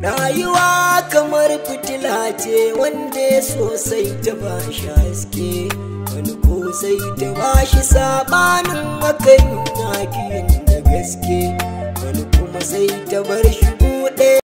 rayuwa kamar fitila ce wanda sosai ta ba shi haske wani ko sai ta ba shi sabanin makan na da gaske wani kuma sai ta bar shi